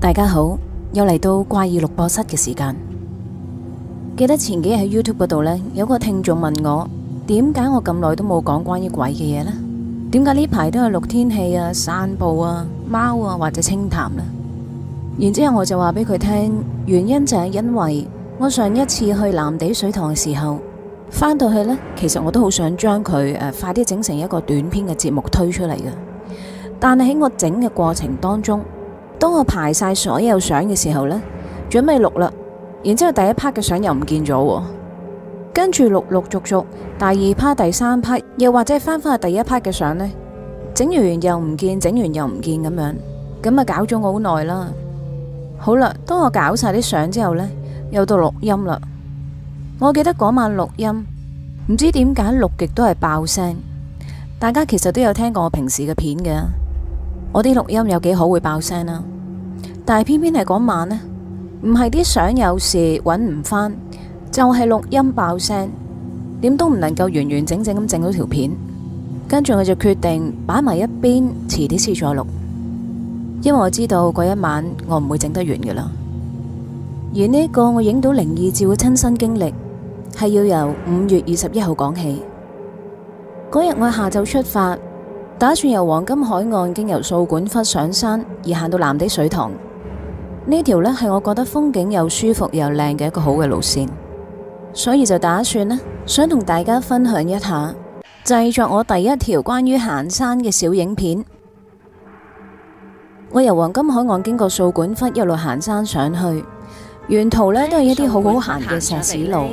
大家好，又嚟到怪異錄播室嘅時間。記得前幾日喺 YouTube 度呢，有個聽眾問我，點解我咁耐都冇講關於鬼嘅嘢呢？點解呢排都係錄天氣啊、散步啊、貓啊或者清談咧？然之後我就話畀佢聽，原因就係因為我上一次去藍地水塘嘅時候，翻到去呢，其實我都好想將佢誒、呃、快啲整成一個短篇嘅節目推出嚟嘅，但係喺我整嘅過程當中。當我排晒所有相嘅時候呢，準備錄嘞。然之後第一 part 嘅相又唔見咗、哦，跟住陸陸陸續續，第二 part、第三 part，又或者係翻翻去第一 part 嘅相呢，整完又唔見，整完又唔見咁樣，咁啊搞咗我好耐啦。好啦，當我搞晒啲相之後呢，又到錄音啦。我記得嗰晚錄音，唔知點解錄極都係爆聲。大家其實都有聽過我平時嘅片嘅，我啲錄音有幾好會爆聲啦、啊。但係偏偏係嗰晚呢，唔係啲相有事揾唔返，就係錄音爆聲，點都唔能夠完完整整咁整到條片。跟住我就決定擺埋一邊，遲啲先再錄，因為我知道嗰一晚我唔會整得完噶啦。而呢個我影到靈異照嘅親身經歷，係要由五月二十一號講起。嗰日我下晝出發，打算由黃金海岸經由掃管笏上山，而行到藍地水塘。呢條呢，係我覺得風景又舒服又靚嘅一個好嘅路線，所以就打算呢，想同大家分享一下，製作我第一條關於行山嘅小影片。我由黃金海岸經過掃管笏一路行山上去，沿途呢都係一啲好好行嘅石屎路。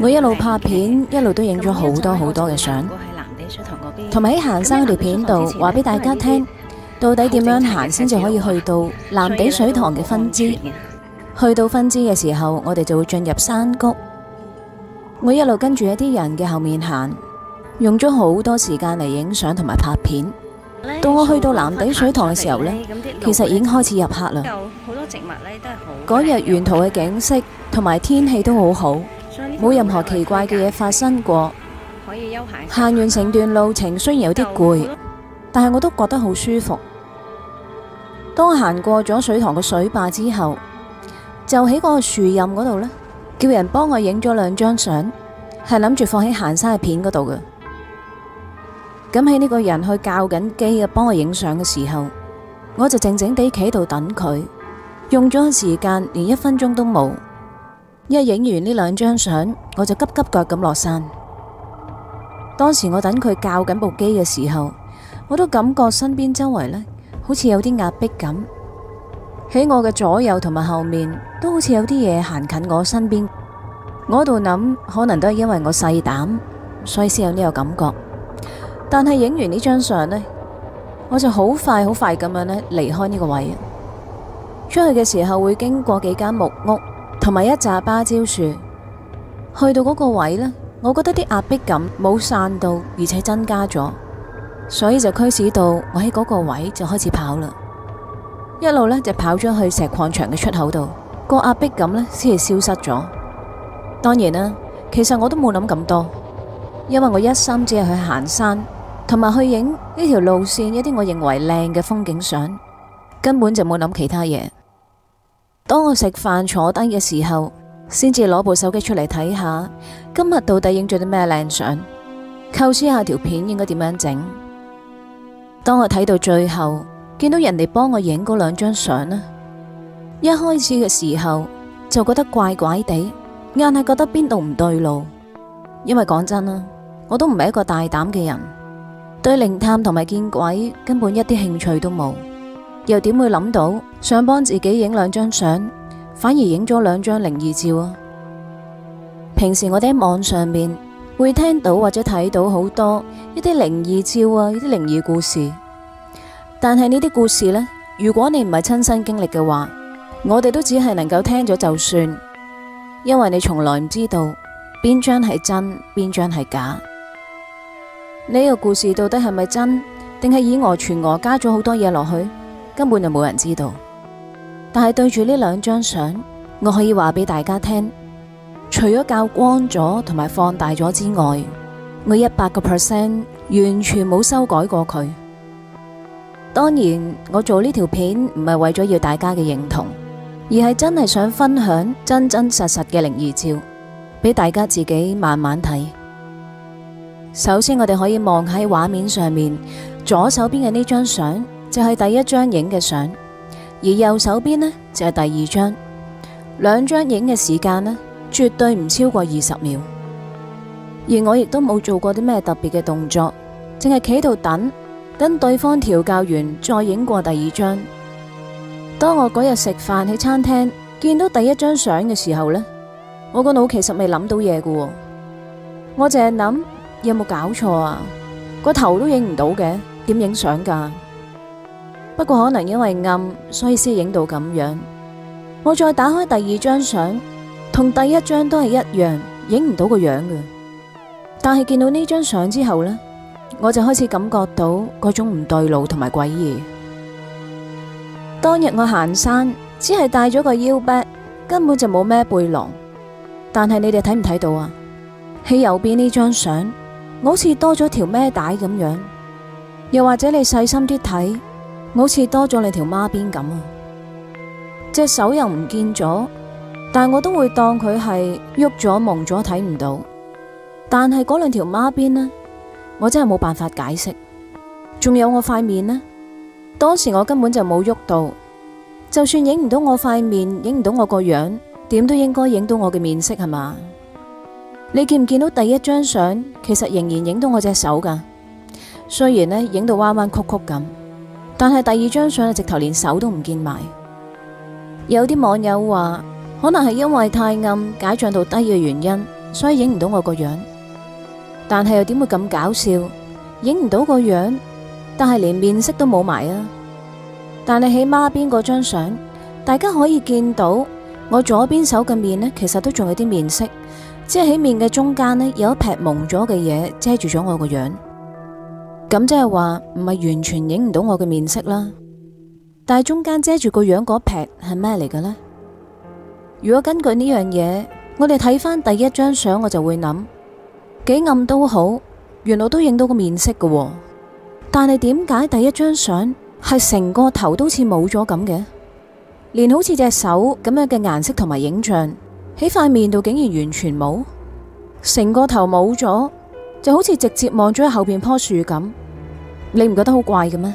我一路拍片，一路都影咗好多好多嘅相。同埋喺行山條片度話俾大家聽。到底點樣行先至可以去到藍地水塘嘅分支？去到分支嘅時候，我哋就會進入山谷。我一路跟住一啲人嘅後面行，用咗好多時間嚟影相同埋拍片。到我去到藍地水塘嘅時候呢，其實已經開始入黑啦。嗰日沿途嘅景色同埋天氣都好好，冇任何奇怪嘅嘢發生過。可以休鞋。行完成段路程雖然有啲攰，但係我都覺得好舒服。當行過咗水塘嘅水壩之後，就喺嗰個樹蔭嗰度呢，叫人幫我影咗兩張相，係諗住放喺行山嘅片嗰度嘅。咁喺呢個人去校緊機啊，幫我影相嘅時候，我就靜靜地企度等佢，用咗時間連一分鐘都冇。一影完呢兩張相，我就急急腳咁落山。當時我等佢校緊部機嘅時候，我都感覺身邊周圍呢，好似有啲壓迫感，喺我嘅左右同埋後面都好似有啲嘢，行近我身邊。我喺度諗，可能都係因為我細膽，所以先有呢個感覺。但係影完呢張相呢，我就好快好快咁樣呢離開呢個位。出去嘅時候會經過幾間木屋同埋一紮芭蕉樹，去到嗰個位呢，我覺得啲壓迫感冇散到，而且增加咗。所以就驅使到我喺嗰個位就開始跑啦，一路呢，就跑咗去石礦場嘅出口度，個壓迫感呢，先係消失咗。當然啦，其實我都冇諗咁多，因為我一心只係去行山同埋去影呢條路線一啲我認為靚嘅風景相，根本就冇諗其他嘢。當我食飯坐低嘅時候，先至攞部手機出嚟，睇下今日到底影咗啲咩靚相，構思下條片應該點樣整。當我睇到最後，見到人哋幫我影嗰兩張相呢？一開始嘅時候就覺得怪怪地，硬係覺得邊度唔對路。因為講真啦，我都唔係一個大膽嘅人，對靈探同埋見鬼根本一啲興趣都冇，又點會諗到想幫自己影兩張相，反而影咗兩張靈異照啊？平時我哋喺網上面。會聽到或者睇到好多一啲靈異照啊，一啲靈異故事。但係呢啲故事呢，如果你唔係親身經歷嘅話，我哋都只係能夠聽咗就算，因為你從來唔知道邊張係真，邊張係假。呢個故事到底係咪真，定係以訛傳訛加咗好多嘢落去，根本就冇人知道。但係對住呢兩張相，我可以話俾大家聽。除咗較光咗同埋放大咗之外，我一百個 percent 完全冇修改過佢。當然，我做呢條片唔係為咗要大家嘅認同，而係真係想分享真真實實嘅靈異照俾大家自己慢慢睇。首先，我哋可以望喺畫面上面，左手邊嘅呢張相就係第一張影嘅相，而右手邊呢就係、是、第二張。兩張影嘅時間呢，絕對唔超過二十秒，而我亦都冇做過啲咩特別嘅動作，淨係企度等，等對方調教完再影過第二張。當我嗰日食飯喺餐廳見到第一張相嘅時候呢，我個腦其實未諗到嘢嘅，我淨係諗有冇搞錯啊？個頭都影唔到嘅，點影相噶？不過可能因為暗，所以先影到咁樣。我再打開第二張相。同第一張都係一樣，影唔到個樣嘅。但係見到呢張相之後呢，我就開始感覺到嗰種唔對路同埋詭異。當日我行山，只係帶咗個腰包，根本就冇咩背囊。但係你哋睇唔睇到啊？喺右邊呢張相，我好似多咗條咩帶咁樣。又或者你細心啲睇，好似多咗你條孖邊咁啊？隻手又唔見咗。但我都會當佢係喐咗，蒙咗，睇唔到。但係嗰兩條孖辮呢，我真係冇辦法解釋。仲有我塊面呢，當時我根本就冇喐到，就算影唔到我塊面，影唔到我個樣，點都應該影到我嘅面色係嘛？你見唔見到第一張相？其實仍然影到我隻手噶，雖然呢影到彎彎曲曲咁，但係第二張相直頭連手都唔見埋。有啲網友話，可能係因為太暗，解像度低嘅原因，所以影唔到我個樣。但係又點會咁搞笑？影唔到個樣，但係連面色都冇埋啊！但係起孖邊嗰張相，大家可以見到我左邊手嘅面呢，其實都仲有啲面色，即係喺面嘅中間呢，有一劈蒙咗嘅嘢，遮住咗我個樣。咁即係話唔係完全影唔到我嘅面色啦。但係中間遮住個樣嗰劈係咩嚟嘅呢？如果根據呢樣嘢，我哋睇翻第一張相，我就會諗，幾暗都好，原來都影到個面色嘅喎。但係點解第一張相係成個頭都似冇咗咁嘅？連好似隻手咁樣嘅顏色同埋影像喺塊面度竟然完全冇，成個頭冇咗，就好似直接望咗喺後邊棵樹咁。你唔覺得好怪嘅咩？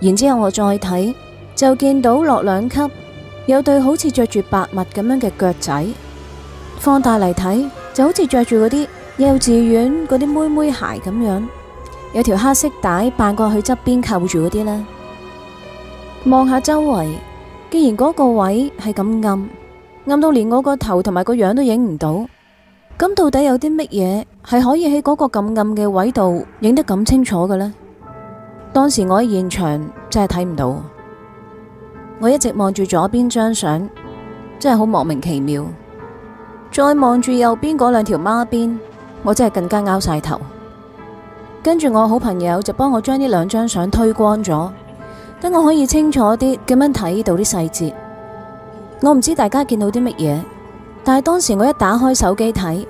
然之後我再睇，就見到落兩級。有對好似着住白襪咁樣嘅腳仔，放大嚟睇就好似着住嗰啲幼稚園嗰啲妹妹鞋咁樣，有條黑色帶扮過去側邊扣住嗰啲呢。望下周圍，既然嗰個位係咁暗，暗到連我個頭同埋個樣都影唔到，咁到底有啲乜嘢係可以喺嗰個咁暗嘅位度影得咁清楚嘅呢？當時我喺現場，真係睇唔到。我一直望住左邊張相，真係好莫名其妙。再望住右邊嗰兩條孖辮，我真係更加撓晒頭。跟住我好朋友就幫我將呢兩張相推光咗，等我可以清楚啲咁樣睇到啲細節。我唔知大家見到啲乜嘢，但係當時我一打開手機睇，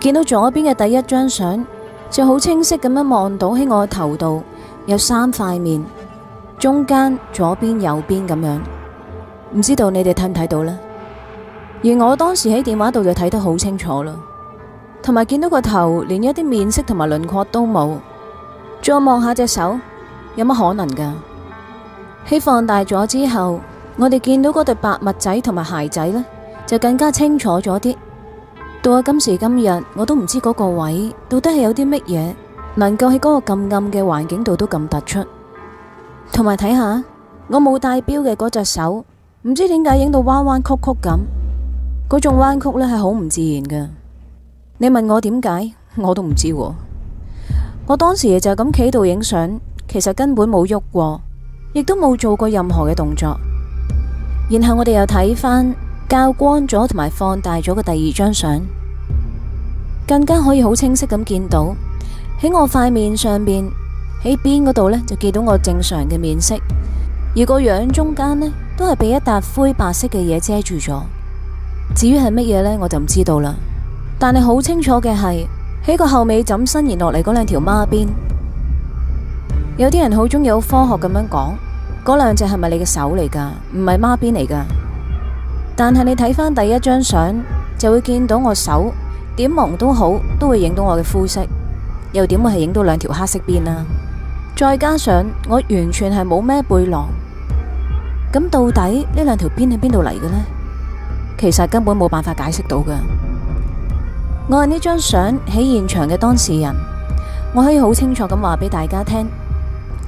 見到左邊嘅第一張相就好清晰咁樣望到喺我頭度有三塊面。中間左邊右邊咁樣，唔知道你哋睇唔睇到呢？而我當時喺電話度就睇得好清楚啦，同埋見到個頭連一啲面色同埋輪廓都冇。再望下隻手，有乜可能噶？喺放大咗之後，我哋見到嗰對白襪仔同埋鞋仔呢，就更加清楚咗啲。到咗今時今日，我都唔知嗰個位到底係有啲乜嘢，能夠喺嗰個咁暗嘅環境度都咁突出。同埋睇下，我冇戴表嘅嗰隻手，唔知點解影到彎彎曲曲咁，嗰種彎曲呢係好唔自然嘅。你問我點解，我都唔知。我當時就咁企度影相，其實根本冇喐過，亦都冇做過任何嘅動作。然後我哋又睇返較光咗同埋放大咗嘅第二張相，更加可以好清晰咁見到喺我塊面上邊喺邊嗰度呢，就見到我正常嘅面色，而個樣中間呢，都係畀一笪灰白色嘅嘢遮住咗。至於係乜嘢呢，我就唔知道啦。但係好清楚嘅係喺個後尾枕伸延落嚟嗰兩條孖邊。有啲人好中意好科學咁樣講，嗰兩隻係咪你嘅手嚟噶，唔係孖邊嚟噶？但係你睇翻第一張相，就會見到我手點蒙都好，都會影到我嘅膚色，又點會係影到兩條黑色邊啊？再加上我完全係冇咩背囊，咁到底呢兩條片喺邊度嚟嘅呢？其實根本冇辦法解釋到嘅。我係呢張相喺現場嘅當事人，我可以好清楚咁話俾大家聽，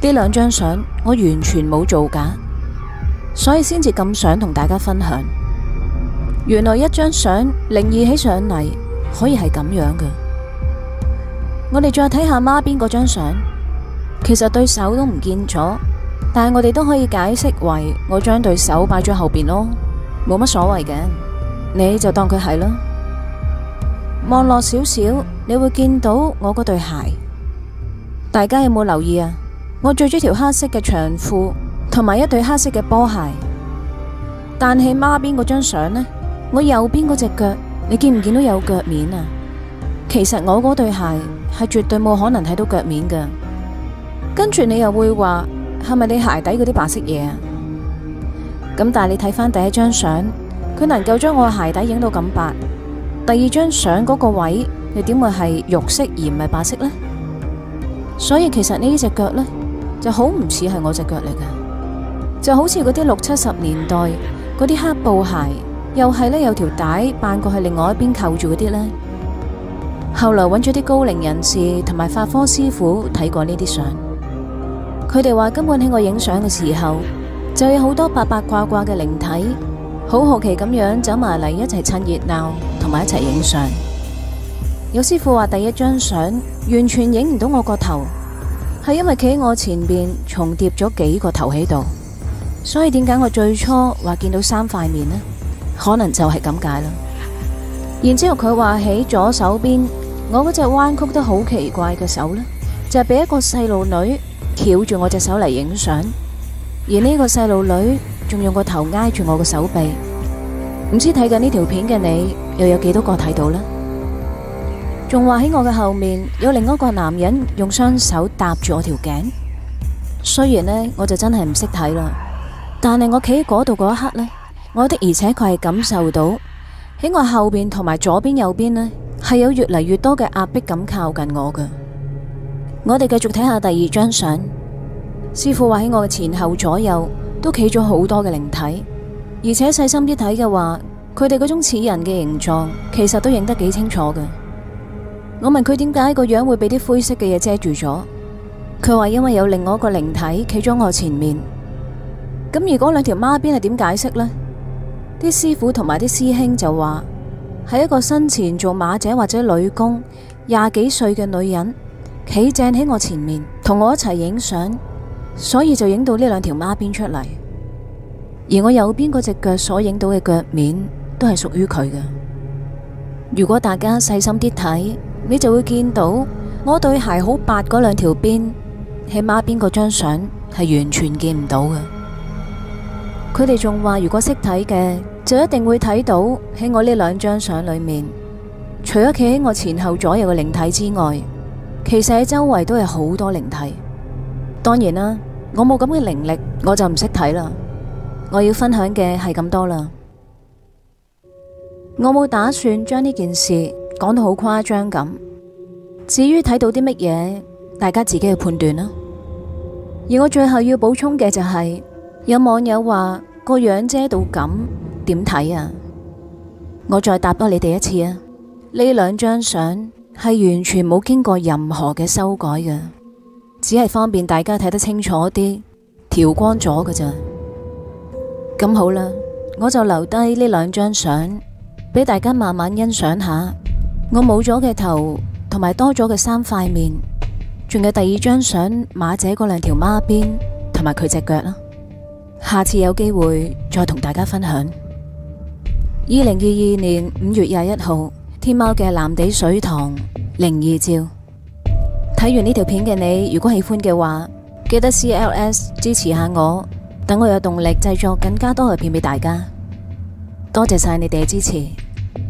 呢兩張相我完全冇造假，所以先至咁想同大家分享。原來一張相靈異起上嚟可以係咁樣嘅。我哋再睇下媽邊嗰張相。其實對手都唔見咗，但係我哋都可以解釋為我將對手擺在後面咯，冇乜所謂嘅，你就當佢係咯。望落少少，你會見到我嗰對鞋，大家有冇留意啊？我着咗條黑色嘅長褲，同埋一對黑色嘅波鞋。但係孖邊嗰張相呢？我右邊嗰隻腳，你見唔見到有腳面啊？其實我嗰對鞋係絕對冇可能睇到腳面嘅。跟住你又會話係咪你鞋底嗰啲白色嘢啊？咁但係你睇翻第一張相，佢能夠將我嘅鞋底影到咁白，第二張相嗰個位又點會係肉色而唔係白色咧？所以其實呢隻腳咧就好唔似係我隻腳嚟嘅，就好似嗰啲六七十年代嗰啲黑布鞋，又係咧有條帶扮過去另外一邊扣住嗰啲咧。後來揾咗啲高齡人士同埋法科師傅睇過呢啲相。佢哋話根本喺我影相嘅時候就有好多八八卦卦嘅靈體，好好奇咁樣走埋嚟，一齊趁熱鬧，同埋一齊影相。有師傅話第一張相完全影唔到我個頭，係因為企喺我前邊重疊咗幾個頭喺度，所以點解我最初話見到三塊面呢？可能就係咁解啦。然之後佢話喺左手邊我嗰隻彎曲得好奇怪嘅手呢，就係俾一個細路女。翹住我隻手嚟影相，而呢個細路女仲用個頭挨住我個手臂。唔知睇緊呢條片嘅你又有幾多個睇到呢？仲話喺我嘅後面有另一個男人用雙手搭住我條頸。雖然呢，我就真係唔識睇啦，但係我企喺嗰度嗰一刻呢，我的而且確係感受到喺我後邊同埋左邊右邊呢，係有越嚟越多嘅壓迫感靠近我嘅。我哋繼續睇下第二張相，師傅話喺我嘅前後左右都企咗好多嘅靈體，而且細心啲睇嘅話，佢哋嗰種似人嘅形狀，其實都認得幾清楚嘅。我問佢點解個樣會俾啲灰色嘅嘢遮住咗，佢話因為有另外一個靈體企咗我前面。咁如果兩條孖辮係點解釋呢？啲師傅同埋啲師兄就話係一個生前做馬姐或者女工廿幾歲嘅女人。企正喺我前面，同我一齊影相，所以就影到呢兩條孖邊出嚟。而我右邊嗰隻腳所影到嘅腳面，都係屬於佢嘅。如果大家細心啲睇，你就會見到我對鞋好白嗰兩條邊喺孖邊嗰張相係完全見唔到嘅。佢哋仲話，如果識睇嘅，就一定會睇到喺我呢兩張相裏面，除咗企喺我前後左右嘅靈體之外。其實喺周圍都有好多靈體，當然啦，我冇咁嘅靈力，我就唔識睇啦。我要分享嘅係咁多啦，我冇打算將呢件事講到好誇張咁。至於睇到啲乜嘢，大家自己去判斷啦。而我最後要補充嘅就係，有網友話個樣遮到咁點睇啊？我再答多你哋一次啊，呢兩張相。係完全冇經過任何嘅修改嘅，只係方便大家睇得清楚啲，調光咗嘅咋。咁好啦，我就留低呢兩張相，俾大家慢慢欣賞下。我冇咗嘅頭，同埋多咗嘅三塊面，仲有第二張相馬姐嗰兩條孖辮同埋佢隻腳啦。下次有機會再同大家分享。二零二二年五月廿一號。天貓嘅藍地水塘靈異照，睇完呢條片嘅你，如果喜歡嘅話，記得 CLS 支持下我，等我有動力製作更加多嘅片畀大家。多謝晒你哋嘅支持，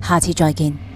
下次再見。